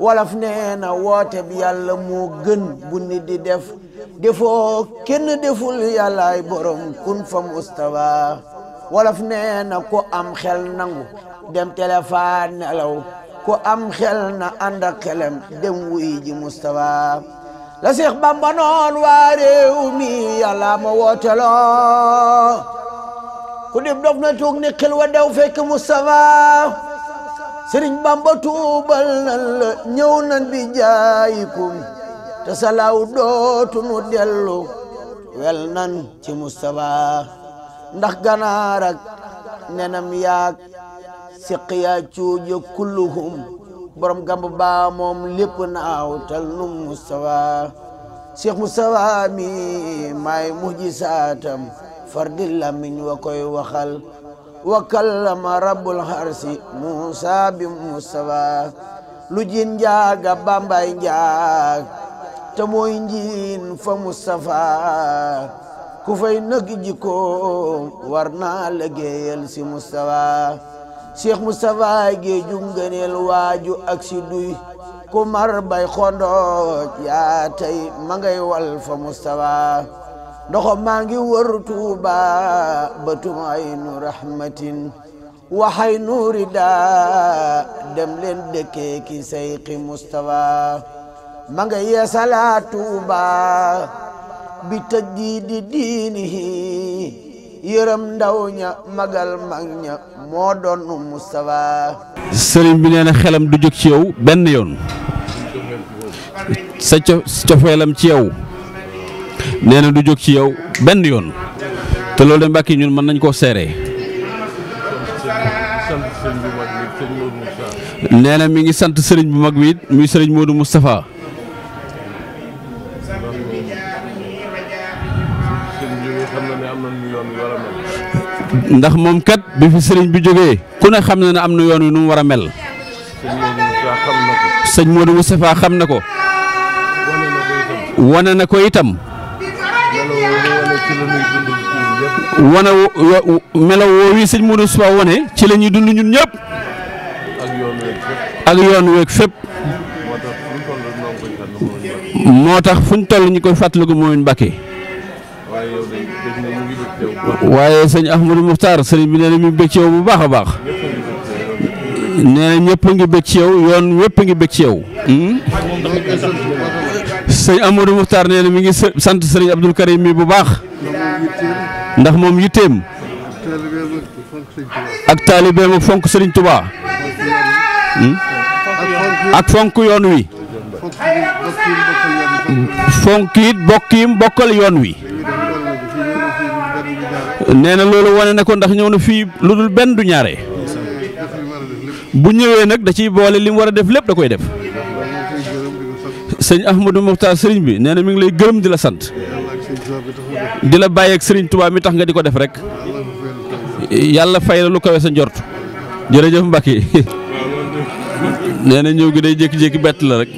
wolof nee na woote bi yàlla moo gën bu nit di def defoo kenn deful yàllaay borom kun fa mustawa wolof nee na am xel nangu dem telefa nelaw ku am xel na ànd ak dem wuy ji mustawa la Seex Bamba noon waa réew mi yàlla wooteloo ku dib dof na tuug ni xel wa dew fekk mustawa sëriñ bamba tuubal nan la ñëw nan bi jaayikum te salaaw dootu nu dellu wel nan ci Mustafa ndax ganaar ak nenam yaak siqiya cuuja kulluhum borom gamba baa moom naaw tal nu Mustafa Cheikh Mustafa mi maay mujjisaatam fardil lamiñ wa koy waxal wa kallama rabbul harsi Musa bi Mustafa lu jin njaaga bambay njaag te mooy njiin fa Mustafa ku fay nag jikkoom war naa liggéeyal si Mustafa Cheikh Mustafa gee junganeel waaju ak si duy ku mar bay xondooj yaa tey ma wal fa Mustafa ndoxo maa ngi wër tuuba bëtum aynu rahmatin waxay nuuri daa dem leen dëkkee ki sayqi mustafa ma nga yeesalaa tuuba bi tajdiidi diinihi yërëm ndaw ña magal mag ña moo doon mustafa sëriñ bi nee na xelam du jóg ci yow benn yoon sa cofeelam ci yow nee na du jóg ci yow benn yoon te loolu de mbàkki ñun mën nañ koo seere nee na mi ngi sant sëriñ bu mag bi it muy sëriñ Modou Moustapha ndax moom kat bi fi sëriñ bu jógee ku ne xam na am na yoon wi nu mu war a mel sëñ Modou Moustapha xam na ko wane na ko itam wane melaw woo wi sëñ Modou Sow wane ci lañuy dund ñun ñëpp ak yoon weeg fépp moo tax fu ñu toll ñu koy fàttaliku moomin Mbàkke waaye sëñ Ahmadou Muxtaar sëriñ bi nee na bëgg ci yow bu baax a baax nee na ñëpp ngi bëgg ci yow yoon ñëpp ngi bëgg ci yow hmm? sëñ Amadou Muxtaar nee mi ngi sant sëriñ Abdul Karim mi bu baax ndax moom yitteem ak taalibeem ak fonk sëriñ Touba hmm? ak fonk yoon wi fonk it yim bokkal yoon wi nee na loolu wane na ko ndax ñëw na fii lu dul benn du ñaare bu ñëwee nag da ciy boole li mu war a def lépp da koy def. sëñ Ahmadou Mokhtar sëriñ bi nee na mi ngi lay gërëm di la sant di la bàyyi ak sëriñ tubaab mi tax nga di ko def rek yàlla fay la lu kawe sa njort jërëjëf Mbacke nee na ñëw gi day jékki-jékki bett la rek.